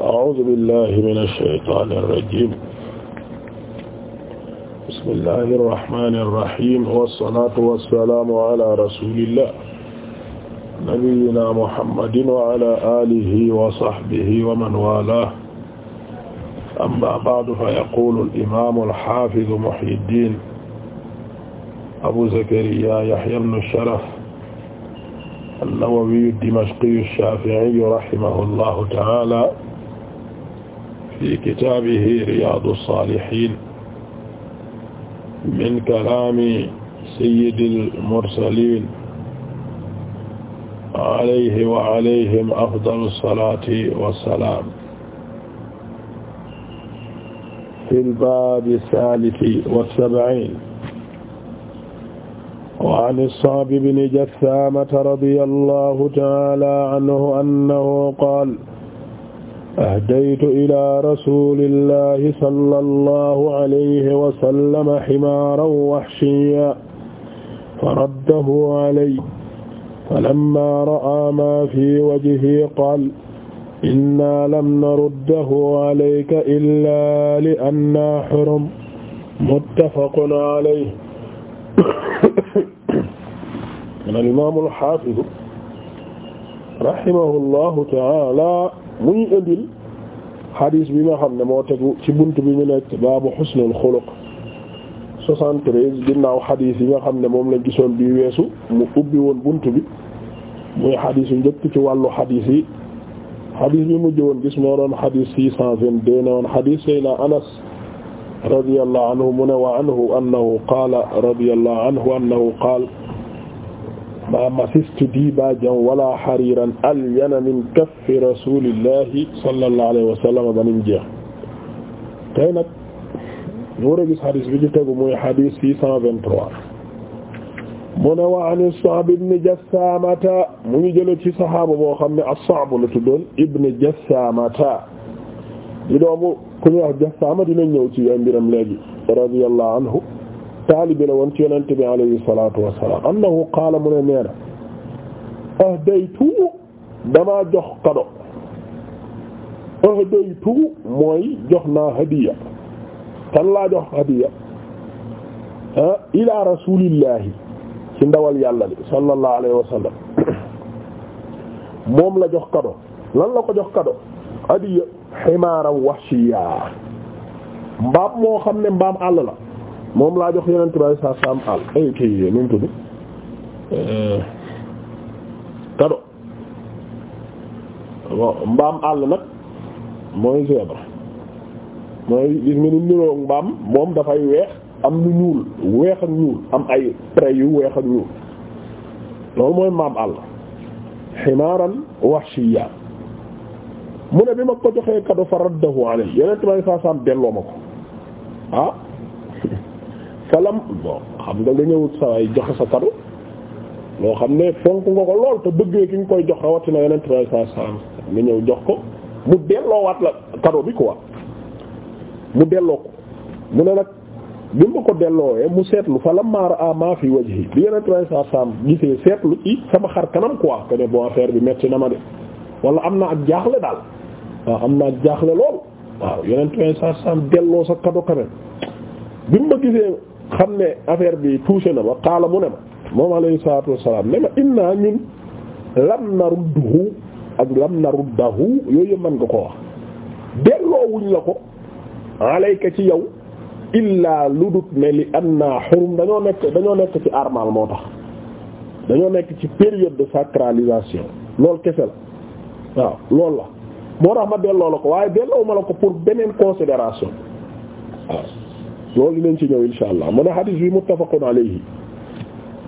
أعوذ بالله من الشيطان الرجيم بسم الله الرحمن الرحيم والصلاة والسلام على رسول الله نبينا محمد وعلى آله وصحبه ومن والاه أما بعد فيقول الإمام الحافظ محي الدين أبو زكريا يحيى بن الشرف النووي الدمشقي الشافعي رحمه الله تعالى fi kitaabihi riyaadu saalihiin min kalaami sayyidil mursaliin alayhi wa alayhim afdalu salaati wa salaam. fil baabi saalisi wa sab'iin. wa an as-Sa'bi bni Jassaamata radiyallaahu ta'aalaa anhu annahu qaala ahdaytu ila rasulillahi sallallahu alayhi wa sallam himaaran wahshiyyan faraddahu alayya falammaa ra'aa maa fii wajhihi qaala innaa lam naruddahu alayka illaa li'annaa hurum muttafaqun alayhi al-imaam al-haafiz rahimahu llaahu ta'aalaa mu ngi indil bi nga xam ne moo tegu ci bunt bi ñu nekk baabu xusnul xuluq ginnaaw hadis yi nga xam ne moom la gisoon bi weesu mu ubbi woon bunt bi muy hadis yu njëkk ci wàllu hadis yi hadis bi mujj woon gis moo doon vingt 622 ne woon hadis sayna Anas radiyallahu anhu mu ne wa anhu annahu qaala radiyallahu anhu annahu ma masistu dibajan wala hariran alyana min kaffi rasulillahi sallallahu alayhi wa sallam ba nim jeex tey nag ñu xadis bi ci tegu muy xadis six cent vingt-trois mu ne wa an as ibn Jassamata mu ngi jële ci saxaaba boo xam ne as-Sa'b la tuddoon ibn Jassamata di doomu ku ñuy wax Jassama dina ñëw ci ay mbiram léegi radiyallahu anhu taalibe la woon ci yonente bi alayhi salatu wassalam annahu qaala mu ne nee ahdaytu damaa jox kado ahdaytu mooy jox na hadiya kan laa jox hadiya ah ila rasulillahi ci ndawal yàlla li sallallahu alayhi wa moom la jox kado lan la ko jox kado hadiya ximaaran wahshiya mbaam moo xam ne mbaam àll moom laa jox yeneen tubaab yi saa saam àll ay kii kado eh, mbaam àll nag mooy zèbre mooy gis nga ni niroo mbaam moom dafay weex am lu ñuul weex ak ñuul am ay pré yu weex ak ñuul loolu mooy mbaam àll ximaaran wahshiya mu ne bi ma ko joxee kado fa raddahu alay yeneen tubaab saa saam delloo ma ko ah falam boo xam nga nga ñëw saway joxe sa kado loo xam ne fonk nga ko lool te bëggee ki nga koy jox rawatina yeneen trois cent cent nga ñëw jox ko mu delloowaat la kado bi quoi mu delloo ko mu ne nag bi ma ko delloowee mu seetlu fa la maar a maa fi wajhi bi yeneen trois cent cent gisee seetlu ci sama xar kanam quoi que boo affaire bi metti na ma de wala am na ak jaaxle daal waaw am naa ak jaaxle lool waaw yeneen trois cent cent delloo sa kado xam ne affaire bi touché na ma xaala mu ne ma moom alayhi salaatu wassalaam ne ma inna ñun lam narudduhu ak lam naruddahu yooyu yëpp mën nga ko wax delloowuñ la ko alayka ci yow illaa lu dut ne li anna xurum dañoo nekk dañoo nekk ci armal moo tax dañoo nekk ci période de sacralisation loolu kese la waaw loolu la moo tax ma delloo la ko waaye delloo ma la ko pour beneen considération waaw loolu dinañ ci ñëw insha allah mu ne xadis bi muttafaqun alayhi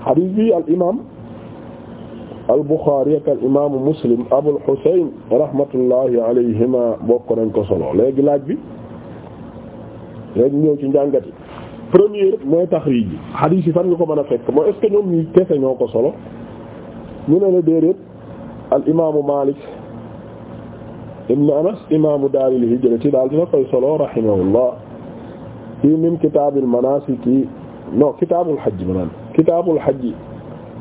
xadis bi al imam al ak al Muslim Abul Husayn rahmatullahi alayhima bokk nañ ko solo léegi laaj bi léegi ñëw ci njàngat yi mooy taxriij bi xadiis yi fan nga ko mën a fekk mooy est-ce que ñoom ñi ñoo ko solo ñu ne la déedéet al imaamu Maalik ibn Anas imaamu daaril hijra ci daal dina koy solo rahimahullah fii min kitaabil manaasiki non kitaabul hajj maanaam kitaabul hajj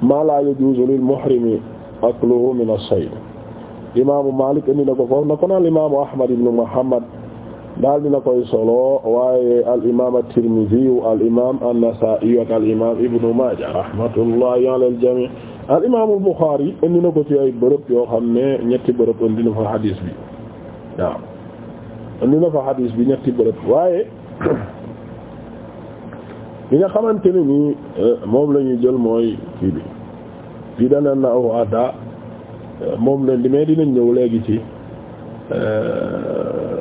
maa laa yajuuzu lil muhrimi akluhu min as-sayd imaamu Maalik indi na ko foofu na ko naan imaamu Ahmad ibn Muhammad daal dina koy solo waaye al imaam at-Tirmidhi al imaam an-Nasa'i ak al imaam Ibn Maaja rahmatullahi ala al-jamii' al imaam al-Bukhari indi na ko ci ay bërëb yoo xam ne ñetti bërëb indi na fa hadis bi waaw indi na fa hadis bi ñetti bërëb waaye. li nga xamante ne nii euh, moom lañuy jël mooy kii bi fii dana na aw adda moom la mais dinañ ñëw léegi ci euh,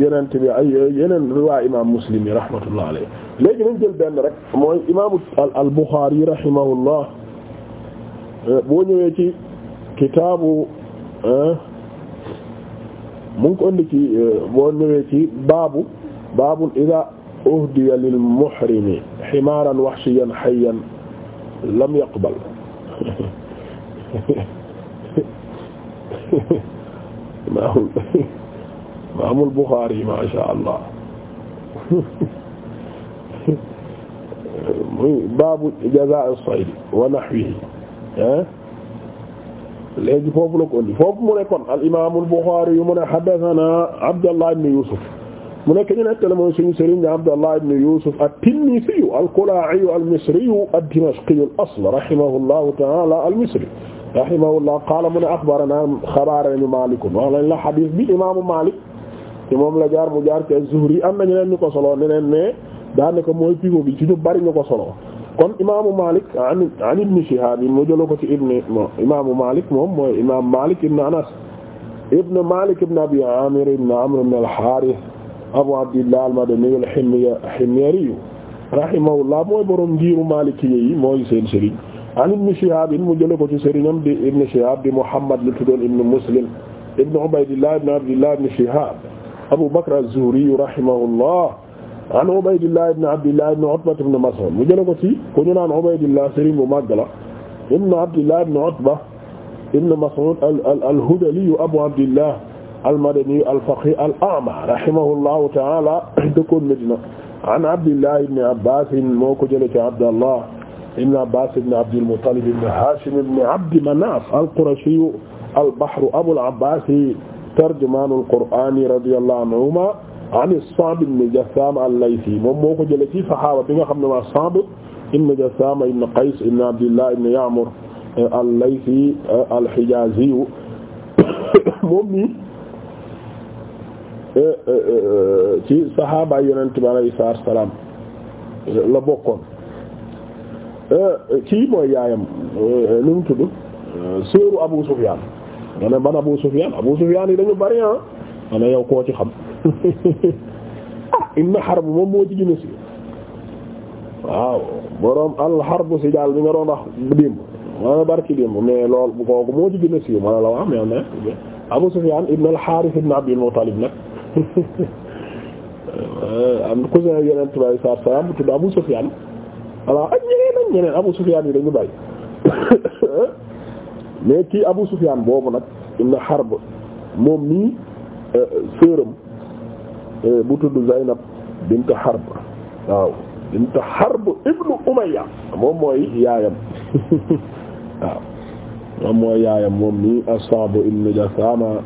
yeneen bi ay yeneen riwaay imaam muslim yi rahmatullah alayhi léegi nañ jël benn rek mooy imaamu al al Bukhari rahimahullah euh, boo ñëwee ci kitaabu mu ngi ko indi ci boo ñëwee ci baabu. baabul idaa uhdiya lil muhrimi ximaaran waxshiyan xayyan lam yaqbal maamul maamul Buxaari ma sha Allah muy baabu jazaa as-sayd wa nahwihi eh? léegi foofu la ko indi foofu mu ne kon al imaamul Buxaari yu mu ne haddasanaa Abdallah ibn Yuusuf mu nekk ñu nettali mooy suñu sëriñ di Abdallah ibn Yusuf at-Tinnisi al-Qula'i al-Misri ad-Dimashqi al-asl rahimahullahu ta'ala al-Misri rahimahullah qaala mu ne axbarana xabaarana Maalik wax lañ la xadiis bi imaamu Maalik ci moom la jaar mu jaar ci az-Zuhri am nañu leen ñu ko solo ne leen ne daanaka mooy pivot bi ci ñu bari ñu ko solo kon imaamu Maalik an an Ibn Shihaab mu jëloo ko ci ibn imaamu Maalik moom mooy imaam Maalik ibn Anas ibn Maalik ibn Abi Aamir ibn Amr ibn al-Haarith abu abdillah al-madani al-himyari rahimahullah mooy borom ngiiru maliki yi mooy seen sëriñ an ibn shihab mu jële ko ci sëriñam di ibn shihab di muhammad li tuddoon ibn muslim ibn ubaydillah ibn abdillah ibn shihab abu bakr az-zuhri rahimahullah an ubaydillah ibn abdillah ibn utba ibn mas'ud mu jële ko ci ku ñu naan ubaydillah sëriñ bu màgg la ibn abdillah ibn utba ibn mas'ud al al al hudali abu abdillah almadani alfaqih al a'ma rahimahullahu taala dëkkoon Medina an Abdillah ibn Abbas moo ko jëlee ci Abdallah ibn Abbas ibn Abdil Muttalib ibn Hashim ibn Abdi Manaf al-Qurashi al-Bahru Abul Abbas tarjumaanul Qur'aani radiyallahu anhuma an as-Sa'b ibn Jassam al-Laythi moom moo ko jëlee ci saxaaba bi nga xam ne waa Sa'b ibn Jassam ibn Qays ibn Abdillah ibn Ya'mur al-Laythi al-Hijazi moom mi Euh, euh, euh, ci saxaaba yonent bi alayhi salaam la bokkoon kii mooy yaayam lu mu tudd seeru Abu Sufyaan ma ne man Abu Sufyaan Abu Sufyaan yi dañu bari ah ma ne yow koo ci xam ah Ibn Harb moom moo ci gën a siiw waaw boroom al-Harb si daal bi nga doon wax démb ma barki démb mais lool bu kooku moo ci gën a siiw ma ne la wax mais Abu Sufyaan ibn al-Harith ibn Abdul Muttalib nag Euh, am cousin yeneen tubaab yi saa saa bu tudd Abu Sufyan voilà ak ñeneen ak ñeneen Abu Sufyan yi dañu bàyyi mais kii Abu Sufyan boobu nag ibn Harb moom nii euh, sœuram euh, bu tudd Zaynab bint Harb waaw bint Harb ibn Umayya moom mooy yaayam waaw moom mooy yaayam moom nii as-Sa'b ibn Jasama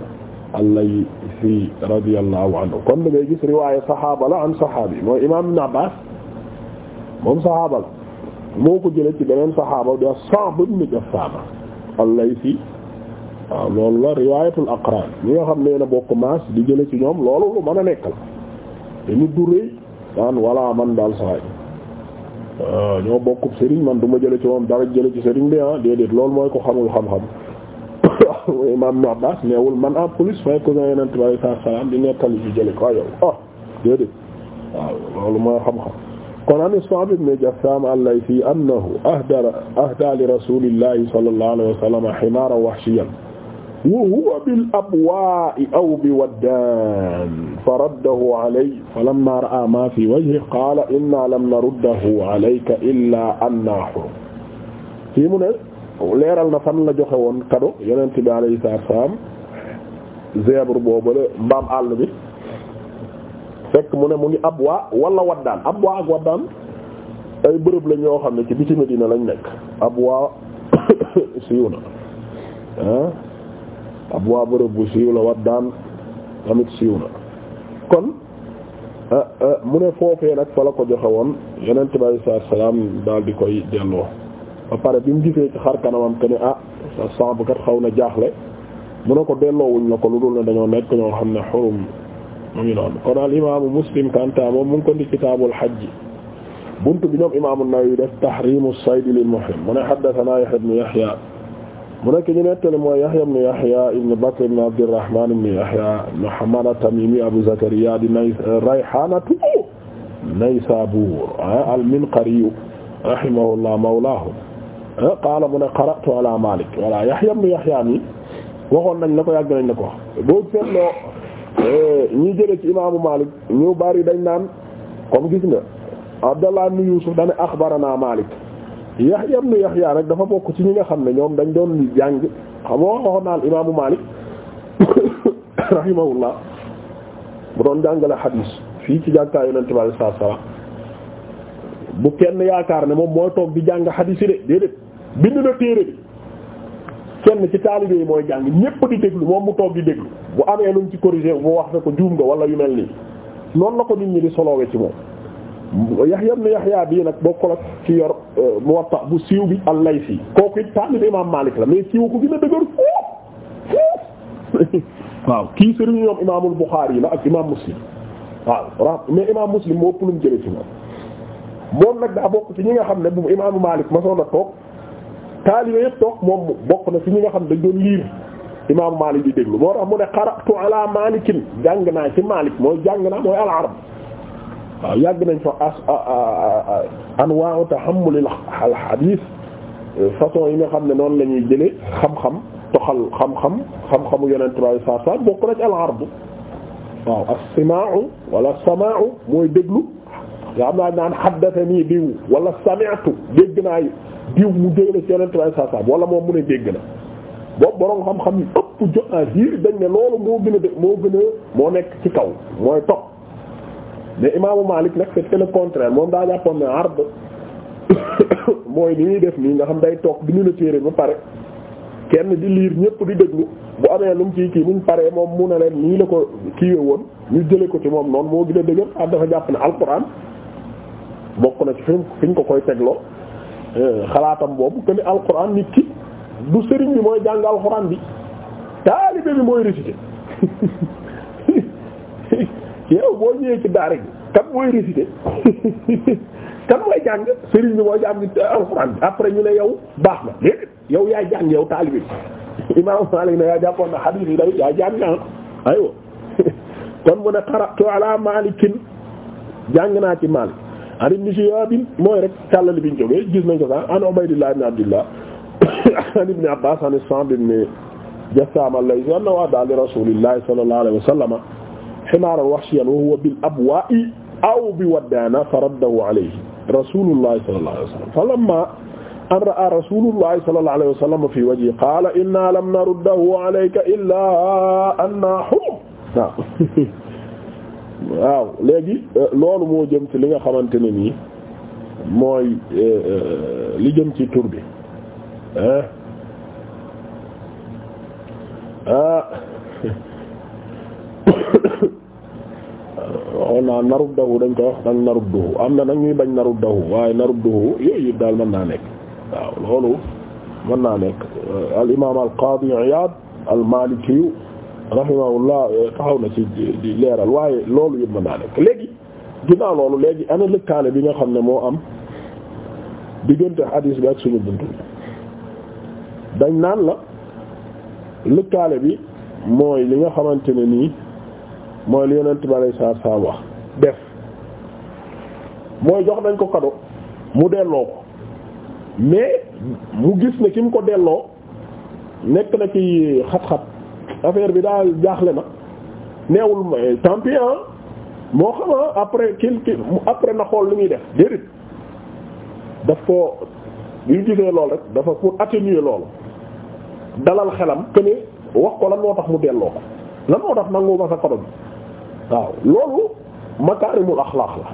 allay al-Basri radiyallahu anhu kon da ngay gis riwaaya saxaaba la an saxaabi mooy imaam Ibn Abbaas moom saxaaba la moo ko jëlee ci beneen saxaaba di Sa'b ibn Jassaama al-Laysi waaw loolu la riwaayatul aqraan ñi nga xam ne na bokk maas di jële ci ñoom loolu lu mën a nekk la te nit du rëy daan walla man daal saay ñoo bokkub sëriñ man du ma jële ci moom dara jële ci sëriñ bi ah déedéet loolu mooy ko xamul xam-xam waaw imaam Abbas neewul man en plus may ko yonent bi alayhi salaam di nettali bi jële ko waaw yow ah déedéet waaw loolu mooy xam-xam kon an Isbaab ibn Jassaam al-Laythi annahu ahdaa ahdaa li rasuulillahi sallallahu alayhi wa sallam himaaran wahshiyyan wa huwa bil abwaa'i aw bi waddaan faraddahu alayhi falammaa ra'aa maa fii wajhihi qaala innaa lam naruddahu alayka illaa annaa hurum leeral na fan la joxe woon kado yonent bi alayhi salaam zèbre boobu la mbaam àll bi fekk mu ne mu ngi Abwa wala Waddaan Abwa ak Waddaan ay bërëb lañ yoo xam ne ci biti dina lañ nekk Abwa siiw na ah bërëb bu siiw la Waddaan tamit siiw na kon ah, ah, mu ne foofee nag fa la ko joxe woon yonent bi alayhi salaam daal di koy delloo. ba pare bi mu gisee ci xar kanamam que ne ah, xaw na jaaxle mu ne ko delloowuñ la ko lu dul ne dañoo nekk ñoo xam ne xurum mu ngi noonu kon al imaamu muslim kanta moom mu ngi ko di kitaabul hajj bunt bi ñoom imaamu Nawawi def tahrimu saydi lil muhrim mu ne haddathana Yahya ibn Yahya mu nekk ñu nettali mooy Yahya ibn Yahya ibn Bakr ibn Abdirrahman ibn Yahya ibn Hammad at-Tamimi Abu Zakariya di nay rayhanatu Naysabur ah, al-Minqari rahimahullah mawlaahu Eh, qaala mu ne qara'tu ala Malik voilà Yahya ibn Yahya mi waxoon nañ la ko yàgg nañ la ko boo eh, ñi jële ci imaamu Malik dañ naan comme gis nga Abdallah ibn bokk ci ñi nga xam ne ñoom dañ doon jàng xam nga waxoon naa doon jàngale xadiis fii ci jàkkaay yonente bi sallallahu alayhi wasallam kenn yaakaar ne moom mooy toog di jàng xadiis yi de déedéet bind na téere bi kenn ci taalibe yi mooy jàng ñépp di déglu moom mu toog di déglu bu amee lu mu ci corrigé bu wax ne ko juum nga wala yu mel nii noonu la ko nit ñi di soloowe ci moom Yahya ibn Yahya bii nag bokkul ak ci yor euh, Muwatta bu siiw bi al-Laysi kooku it taalibe imaam Maalik la mais siiw ko gën a kii sëriñu ñoom imaamul Buxaari yi la ak imaam Muslim waaw mais imaam Muslim moo ëpp lu mu ci moom moom nag daa bokk ci ñi nga xam ne bu imaamu Maalik masoon a toog taalibe yëpp toog moom bokk na fi ñi nga xam dañ doon liir imaamu Maalik di déglu moo tax mu ne qara'tu ala Maalikin jàng naa ci Maalik mooy jàng naa mooy al-arab waaw yàgg nañ fa as anwaa'u tahammul al-hadiis façon yi nga xam ne noonu la ñuy jëlee xam-xam toxal xam-xam xam-xamu Yonent bi sallallahu alayhi wa sallam bokk na ci al-arab waaw as-samaa'u wala samaa'u mooy déglu nga xam naa naan haddathanii diw wala sami'tu dégg naa diw mu jógale ci yonent bi saa saa wala moom mu ne dégg na boobu borom xam-xam ëpp jo jiir dañ ne loolu moo gën a dé moo gën moo nekk ci kaw mooy topp mais imaamu Malik nag c'est le contraire moom daa jàppoon ne ard mooy li ñuy def nii nga xam day toog bi ñu la téere ba pare kenn di liir ñëpp di déglu bu amee lu mu kii kii muñ paree moom mu ne leen nii la ko kiiwe woon ñu jële ko ci moom noonu moo gën a dëgër ak dafa jàpp ne alxuraan bokk na ci fi ñu ko koy tegloo xalaatam boobu que ni alquran nit ki du sëriñ bi mooy jàng alquran bi taalibe bi mooy réciter yow boo ñëwee ci daara gi kan mooy réciter kan mooy jàng sëriñ bi mooy jàng alquran bi après ñu ne yow baax na déedéet yow yaay jàng yow taalibe bi imam Maalik ne yaa jàppoon na hadith yi day yaa jàng na aywa kon mu ne qara'tu ala Maalikin jàng naa ci Maalik an ibn Shihab mooy rek tàllali biñ jógee gis nañ ko sax an Ubaydillah ibn Abdillah an ibn Abbas an Samb ibn Jassam al-Laythi annahu ahda li rasulillahi sallallahu alayhi wa sallam himaaran wahshiyyan wa huwa bil abwaa'i aw bi waddaana faraddahu alayhi rasulullahi sallallahu alayhi wa sallam falamma an ra'a rasulullahi sallallahu alayhi wa sallam fi wajhihi qaala inna lam naruddahu alayka illaa anna hum waaw léegi euh, loolu moo jëm ci li nga xamante ne nii mooy euh, euh, li jëm ci tur bi ah waxoon naa narub dahu dañ ko wax ak am na nag ñuy bañ narub dahu waaye narub duhu daal mën naa nekk waaw loolu mën naa nekk al imaam al qaadi Iyaad al Maliki rahimahullah eh, taxaw na ci di leeral waaye loolu yëpp mën naa nekk léegi ginnaaw loolu léegi ana lëkkaale bi nga xam ne moo am diggante hadis bi ak suñu buntu dañ naan la lëkkaale bi mooy li nga xamante ne nii mooy li yonent bi alay saa saa wax def mooy jox dañ ko kado mu delloo ko mais mu gis ne ki mu ko delloo nekk na ci xat-xat affaire bi daal jaaxle na neewul eh, tant pis ah moo xam après kil kil après na xool li muy def déedéet daf ko yu gisee lool rek dafa pour atténuer loolu dalal xelam que ne wax ko lan moo tax mu delloo ko lan moo tax nangu ma sa kado bi waaw loolu makaarimul axlaax la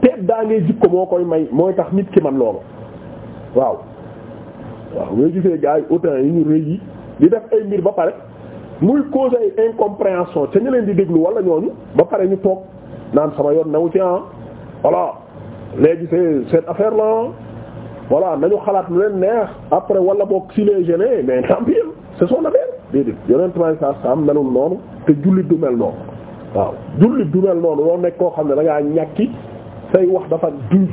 teet daa ngay jikko moo koy may mooy tax nit ki man loolu waaw waaw ngay gisee gars yi autant yi ñu rëy yi di def ay mbir ba pare muy cause ay incompréhension te ñu leen di déglu wala ñooñu ba pare ñu toog naan sama yoon newu ci ah voilà léegi c'est cette affaire là voilà nañu xalaat lu leen neex après wala boog si les gêner mais tant pis c'est son affaire déedéet yonent may sa sam melul noonu te jullit du mel noonu waaw jullit du mel noonu loo nekk koo xam ne da ngaa ñàkki say wax dafa dur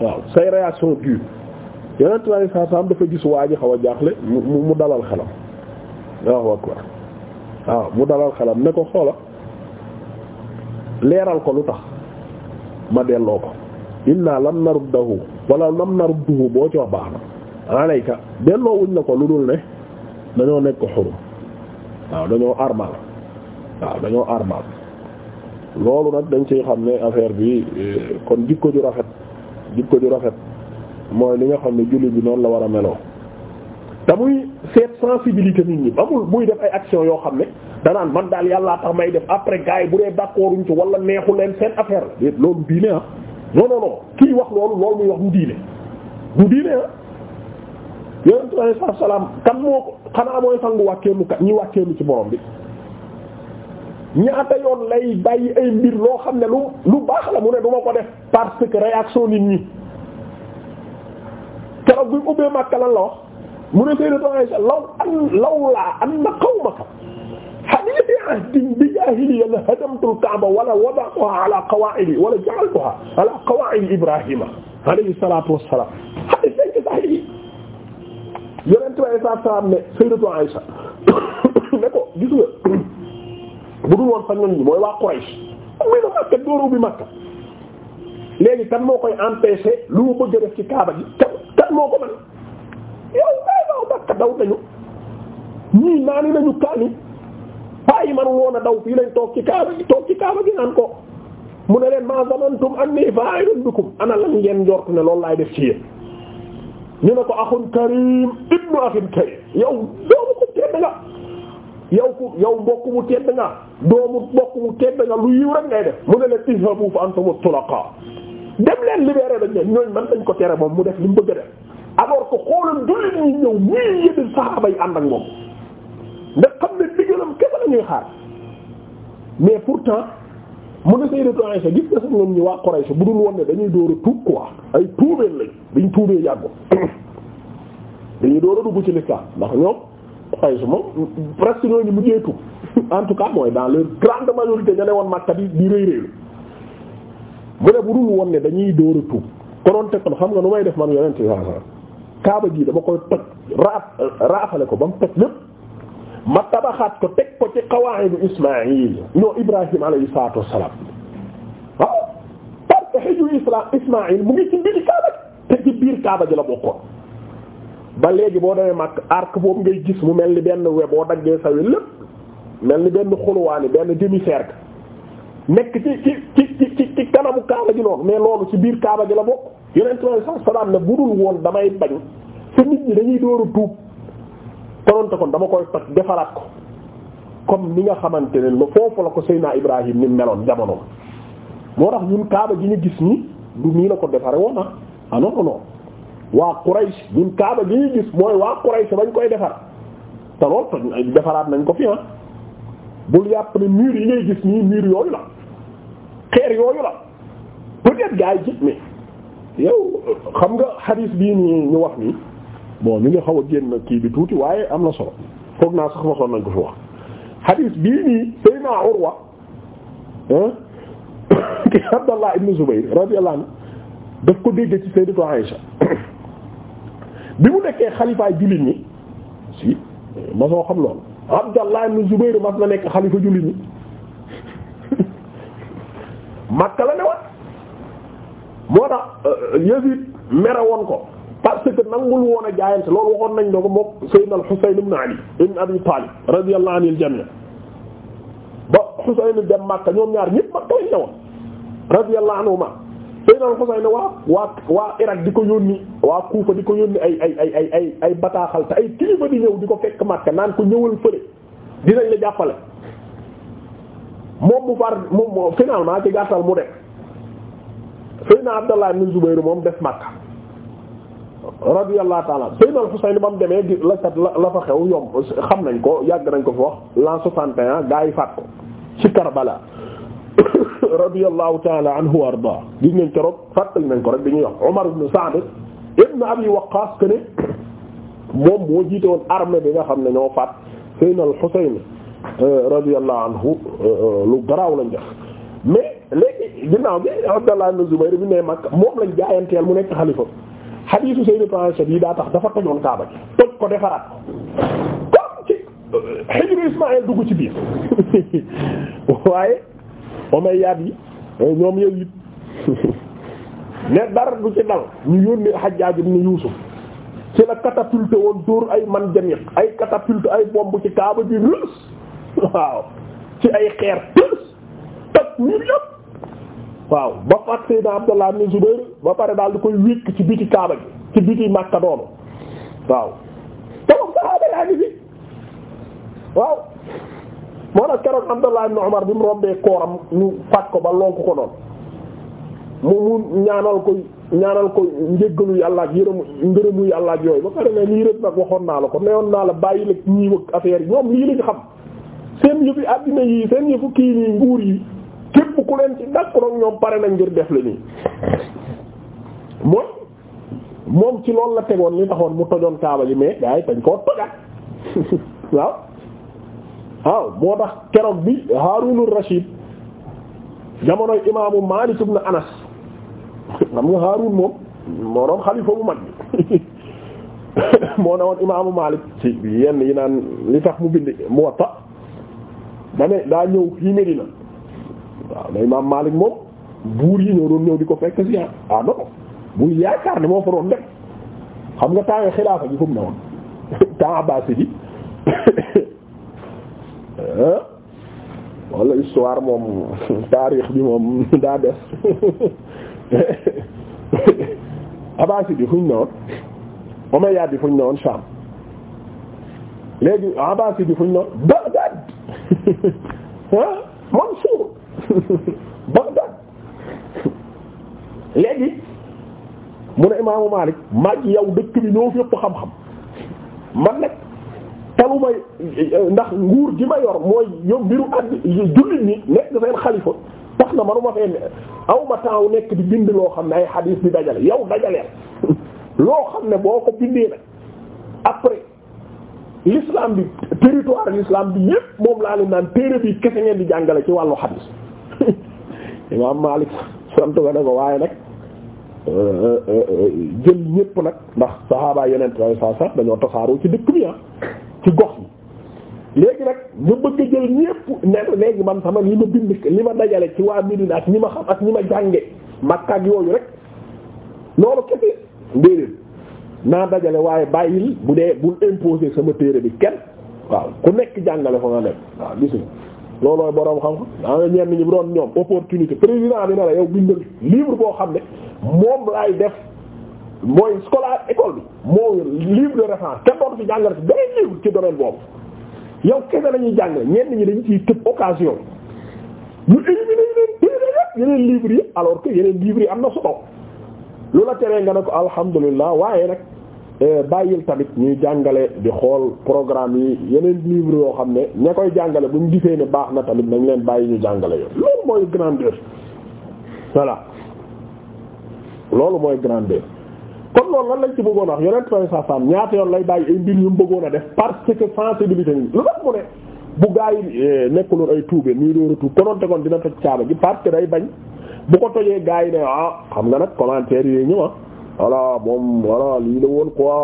waaw say réaction dure yonent may sa sam dafa gis waa ji xaw a jaaxle mu dalal xelam waaw mu dalal xelam ne ko xoola leeral ko lu tax ma delloo ko inna lam naruddahu wala lam narudduhu boo ci wax baax na alayka delloo wuñ la ko lu dul ne dañoo nekk xurum waaw dañoo armal waaw dañoo armal loolu nag dañ ciy xam ne affaire bi eh, kon jikko ju rafet jikko ju rafet mooy li nga xam ne julli bi noonu la war a meloo te muy seet sensibilité nit ñi amul muy def ay action yoo xam ne danaan man daal yàlla tax may def après gars yi bu dee d'accorduñ ci walla neexu leen seen affaire la loolu diine ah non non non kii wax loolu loolu muy wax mu diine du diine ah yonentu alei salaatu salaam kan moo ko xanaa mooy sangu wàkkeelu kat ñi wàkkeelu ci borom bi ñaata yoon lay bàyyi ay mbir loo xam ne lu lu baax la mu ne du ma ko def parce que réaction nit ñi keroog bi ubbee Makka lan la wax mu ne sayyidatu Aisha law an lawlaa anna qawmaka hadithi ahdin bi jaahiliyya la hadamtul Kaaba wala wada'tuha ala qawaa'idi wala ja'altuha ala qawaa'idi Ibrahima alayhi salaatu wa salaam hadith lañ ci sahih yonent salaam ne sayyidatu Aisha ne ko gis nga bu dul woon fan waa Quraysh muy na dooru bi Makka léegi kan moo koy empêcher lu mu bëgg ci Kaaba gi kan moo ko mën Makka daw nañu ñii naani nañu kaani paa yi man woon a daw fii lañ toog ci kaaba gi toog ko mu ne leen ma zamantum anni fa'ilun ana lan ngeen njort ne loolu laay def ci yéen ñu ne ko axun karim ibnu axin karim yow doomu ku tedd nga yow ku mu tedd nga doomu mbokk mu tedd nga lu yiw rek ngay def mu ne leen izhabu fa antum tulaqa dem leen libéré dañ leen ñooñ man dañ ko tere moom mu def li mu def alors ko xoolal jullit ñi ñëw ñii yëpp saxaaba yi ànd ak moom nga xam ne digalam kese la mu ne Sayyidatu Aisha gis nga sax ñoom ñu waa Quraysh bu dul woon ne dañuy door a tuub quoi ay tuubeen lañ dañ tuubee yàggu dañuy door a dugg ci ñoom Quraysh moom presque ñooñu mujjee tuub en tout cas mooy dans leur grande majorité woon Makka bi mu ne bu dul woon ne dañuy door a tuub konoon te kon xam nga nu may def man yonent sallallahu alayhi wasallam kaaba gii dama koy toj raaf raafale ko ba mu toj lépp ma tabaxaat ko teg ko ci qawaa'idu Ismaayil ñoo Ibrahim alayhi salaatu wassalaam waaw parce que xëju islam mu ngi ci biir kaaba te ci biir kaaba ji la bokkoon ba léegi boo demee mag arc boobu ngay gis mu mel ni benn we boo daggee sawi lépp mel ni benn xuluwaani benn demi-cercle nekk ci ci ci ci ci kanamu kaaba ji noonu mais loolu ci biir kaaba ji la bokk yeneen tool sax salaam ne budul woon damay bañ te nit ñi dañuy door a tuub konoonte kon dama koy toj defaraat ko comme ni nga xamante ne la foofu la ko Seyna Ibrahim ni meloon jamono moo tax ñun Kaaba gi ñu gis nii du nii la ko defaree woon a ah, ah non non waa Quraysh ñun Kaaba gi ñu gis mooy waa Quraysh bañ koy defar te lool toj defaraat nañ ko fi ah bul yàpp ne mur yi ngay gis nii mur yooyu la xeer yooyu la peut-être gars yi yow xam nga xadiis bii nii ñu wax nii bon ñu ngi xaw a génn kii bi tuuti waaye am na solo foog naa sax waxoon nañ ko fi wax xadiis bii nii Seydina Urwa ki Abdallah ibn Zubayr radiyallahu anhu daf ko dégg ci Sayyidatu Aïsha bi mu nekkee xalifaay jullit ñi si ma soo xam loolu Abdallah ibn Zubayr ma na nekk xalifa jullit ñi Makka la ne wat moo tax euh, Yazid mere woon ko parce que nangul woon a jaayante loolu waxoon nañ ne ko moom Seydina al-Husayn ibn Ali ibn Abi Talib radiyallahu anil jami' ba Husayn dem Makka ñoom ñaar ñëpp Makka lañ ne woon radiyallahu anhuma Seydina al-Husayn waa waa Irak di ko yónni waa Kufa di ko yónni ay ay ay ay bataaxal te ay kilifa di ñëw di ko fekk Makka naan ko ñëwal fële dinañ la jàppale moom mu far moom finalement ci gàttal mu dem. Seydina Abdallah ibn Zubayr moom des Makka radiyallahu ta'ala Seydina al-Husayn ba mu demee di la la fa xew yomb xam nañ ko yàgg nañ ko fi wax l'an 61 gaa yi faat ko ci Karbala radiyallahu ta'ala anhu wa ardaa gis nañ ko rek fàttali nañ ko rek dañuy wax Umar ibn Sa'd ibn Abi Waqqas que ne moom moo jiite woon armée bi nga xam ne ñoo faat Seydina al-Husayn euh, radiyallahu anhu euh, euh, lu garaaw lañ def mais. ginnaaw bi Abdallah ibn Zubayr bi ne Makka moom lañ jaayanteel mu nekk xalifa xadiisu Sayyidatu Aisha bi daa tax dafa tojoon Kaaba gi toj ko defaraat ko comme ci xijru euh, Ismaayil dugg ci biir waaye Umayyad yi euh, ñoom yow it ne dara du ci dal ñu yónni Hajjaaj ibn Yuusuf ci la catapulte woon dóor ay man jamiq ay catapulte ay bomb ci Kaaba bi waaw ci ay xeer rës toj ñu yëpp waaw ba fat Seydina Abdallah ibn Zubayr ba pare daal di koy wékk ci biti Kaaba gi ci biti Makka doonu waaw te moom saxaaba yaa ngi fi waaw Umar bi mu rombee kooram ñu fat ko ba lonk ko doon mu mu ñaanal ko ñaanal ko njëggalu yàlla ak yërëmu ngërëmu yàlla ak ba pare ne lii rek nag waxoon naa la ko neewoon naa la bàyyi la ñii wëg yi ñoom lii lañ xam seen yëfi àddina yi seen yëfu kii nii nguur yi képp ku leen ci d'accord ñoom pare na ngir def la nii mooy moom ci loolu la tegoon li taxoon mu tojoon kaaba ji mais gars yi dañ koo tojaat waaw waaw moo tax keroog bi Haarunur Rashid jamonoy imaamu Maalik ibn Anas xam nga Haarun moom moo doon xalifa bu mag bi moo ne imaamu Maalik ci yenn yi naan li tax mu bind Muwatta dane daa ñëw fii Medina waaw day Imaam Maalik moom buur yi ñoo doon di ko fekk si ah, ah non bul yaakaar ne moo fa doon xam nga temps xilaafa gi fu mu ne woon temps Abbaasi bi ah wala histoire moom taarix bi moom daa des Abbaasi bi fu ñu ne woon Umayya bi fu ñu ne woon Sham léegi Abbaasi bi fu ñu ne woon Bagdad ah Bagdad léegi mu ne imaamu Maalik maaj yow dëkk bi ñoo fi xam-xam man nag taluma ndax nguur gi ma yor mooy yow mbiru at jullit ñi nekk seen xalifa tax na manuma fee awma ma taaw nekk di bind loo xam ne ay xadiis bi dajale yow dajaleel loo xam ne boo ko bindee nag après l'islam bi territoire l'islam bi yépp moom laa leen naan téere bi kese ngeen di jàngale ci wàllu xadiis imaam Maalik sant ko ne ko waaye nag jël ñépp nag ndax saxaaba yeneen traçais sax dañoo tasaaroo ci dëkk bi ah ci gox yi léegi nag ñu bëgg a jël ñépp ne léegi man sama li ma bind li ma dajale ci waa Medina ak ñi ma xam ak ñi ma jànge Makka ak yooyu rek loolu kese déedéet naa dajale waaye bàyyil bu dee bul imposer sama téere bi kenn waaw ku nekk jàngale fa nga nekk waaw gis nga loolooy borom xam-xam daa ñenn ñi bu doon ñoom opportunité président bi ne la yow bindal livre boo xam ne moom laay def mooy scolaire école bi moo livre de référence kenn dootu fi jàngale ci beneen livre ci domaine boobu yow kese la ñuy jàngale ñenn ñi dañu ci tëb occasion ñu éliminer leen téere yëpp yeneen livres yi alors que yeneen livres yi am na solo lu la teree nga ne ko alhamdulillah waaye nag. Eh, bàyyil tamit ñuy jàngale di xool programme yi yeneen livre yoo xam ne ña koy jàngale bu ñu gisee ne baax na tamit nañ leen bàyyi ñu jàngale yoon loolu mooy grandeur voilà loolu mooy grandeur kon lool lan lañ ci bëggoon wax yonent tamit saa saam ñaata yoon lay bàyyi ay mbir yu mu bëggoon a def parce que sensibilité bi lu tax mu ne bu gaa yi eh, nekkuloon ay tuube nii doo retour konoonte kon dina toj caaba gi parce que day bañ bu ko tojee gaa yi ne ah xam nga nag commentaire yi ñëw ah. voilà moom voilà lii de woon quoi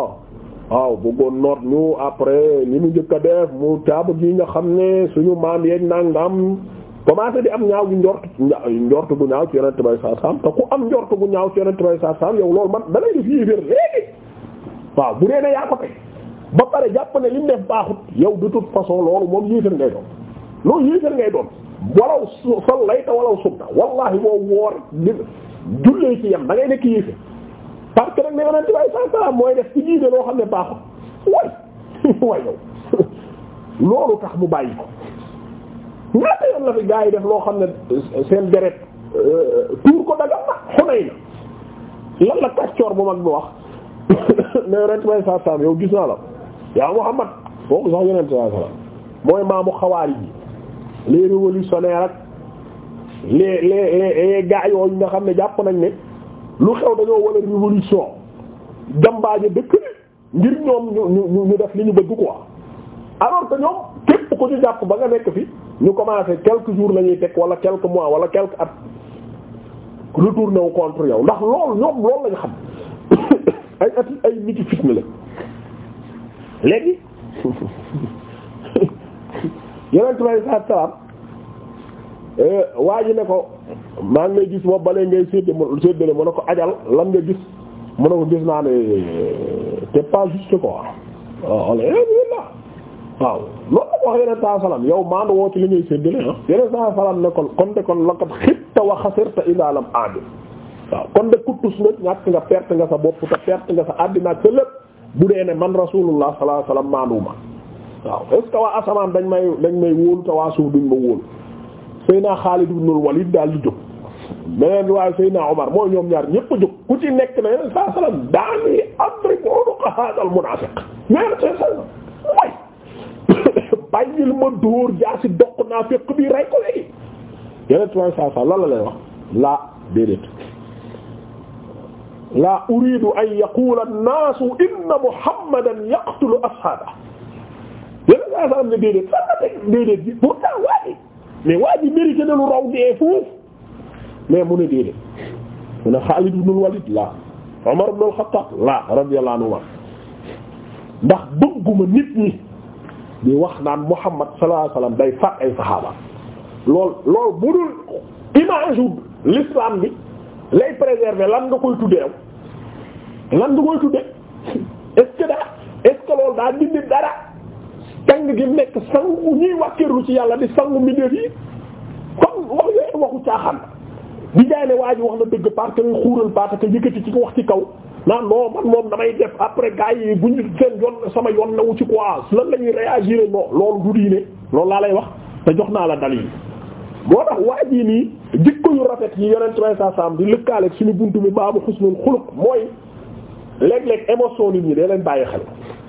waaw ah, bëggoon noot ñu après li mu njëkk a def mu caaba gi nga xam ne suñu maam yeeg nangam commencé di am ñaaw gi njort njort bu ñaaw ci bay saa saam te ku am njort bu ñaaw ci yonent bay saa saam yow loolu man da lay def yéeféer léegi waaw bu dee ne yaa ko tey ba pare jàpp ne li mu def baaxut yow de toute façon loolu moom yéeféer ngay doon loolu yéeféer ngay doon walaw boo woor jullee ci yam da nekk yéeféer parce que nag ne mooy def ci jiite loo xam ne baaxul way way yow loolu tax mu bàyyi ko ñaata yoon la fi gaa yi def loo xam ne seen deret euh, tuur ko daga ma xunay na lan la kaccoor bu mag bi wax ne yonent gis naa la yaa Muhammad booku sax yonent saa salam mooy maamu xawaari yi les révolutionnaires ak les les les gars yooyu nga xam ne jàpp nañ ne lu xew dañoo wala révolution jambaaje dëkk ngir ñoom ñu ñu def li ñu bëgg quoi alors que ñoom képp ko ñu jàpp ba nga nekk fi ñu commencé quelques jours la ñuy teg wala quelques mois wala quelques at retourné wu contre yow ndax loolu ñoom loolu lañ xam ay at ay niti fitna la léegi yeneen tubaab yi saa salaam euh, waa ji ne ko maa ngi lay gis boobu balee ngay sédd séddale mu ne ko ajal lan nga gis mu ne ko gis naa ne euh, pas juste quoi waaw ah, alhamdulilah waaw loolu la ko wax yeneen saa yow maandu woo ci li ngay séddale ah yeneen saa ne kon kon de kon laqad xitta wa xasirta idaa lam aadil waaw kon de kuttus nga ñàkk nga perte nga sa bopp te perte nga sa àddina sa lépp bu dee ne man rasulullah sallallahu alayhi wasallam maandu ma waaw est asamaan dañ may dañ may wóolu te Seyna Xaalid ibnul Walid daal di jóg beneen riwaaya Seyna Omar mooy ñoom ñaar ñépp a ku ci nekk na yeneen saa salaam daani adrib unuqa haadal munaafiq yeneen saa salaam waay bàyyil ma jaasi doq naa bi rey ko léegi yeneen saa salaam lan la lay wax laa an yaqula an-naasu inna Muhammadan yaqtulu ashaabahu yeneen saa salaam ne déedéet fan bi pourtant waaye mais waa ji mérité na lu raw dee foofu mais mu ne déedéet mu ne Xaalid ibn Walid la Umar ibn al-Khattab la radiyallahu ndax bëgguma nit ñi di wax naan Muhammad sallallahu alayhi wasallam day faat ay saxaaba lool lool bu dul image l'islam bi lay préserver lan nga koy tudde lan nga koy tudde est-ce que daa daa dindi dara tàng gi nekk sangu ñuy wàkkeerlu ci yàlla di sangu mbindeef yi kon wax yooyu waxu caaxaan di jaay ne waa ji wax na dëgg parce que xuural baata te yëkkati ci wax ci kaw naa non man moom damay def après gars yi bu ñu seen yoon sama yoon newu ci quoi lan la ñuy réagir non loolu du diine lool laa lay wax te jox naa la dalil moo tax waa ji nii jikko ñu rafet ñu yonent way sa sam di lëkkaaleeg suñu buntu bi baabu xusnul xuluq mooy léeg-léeg émotion nit ñi day leen bàyyi xel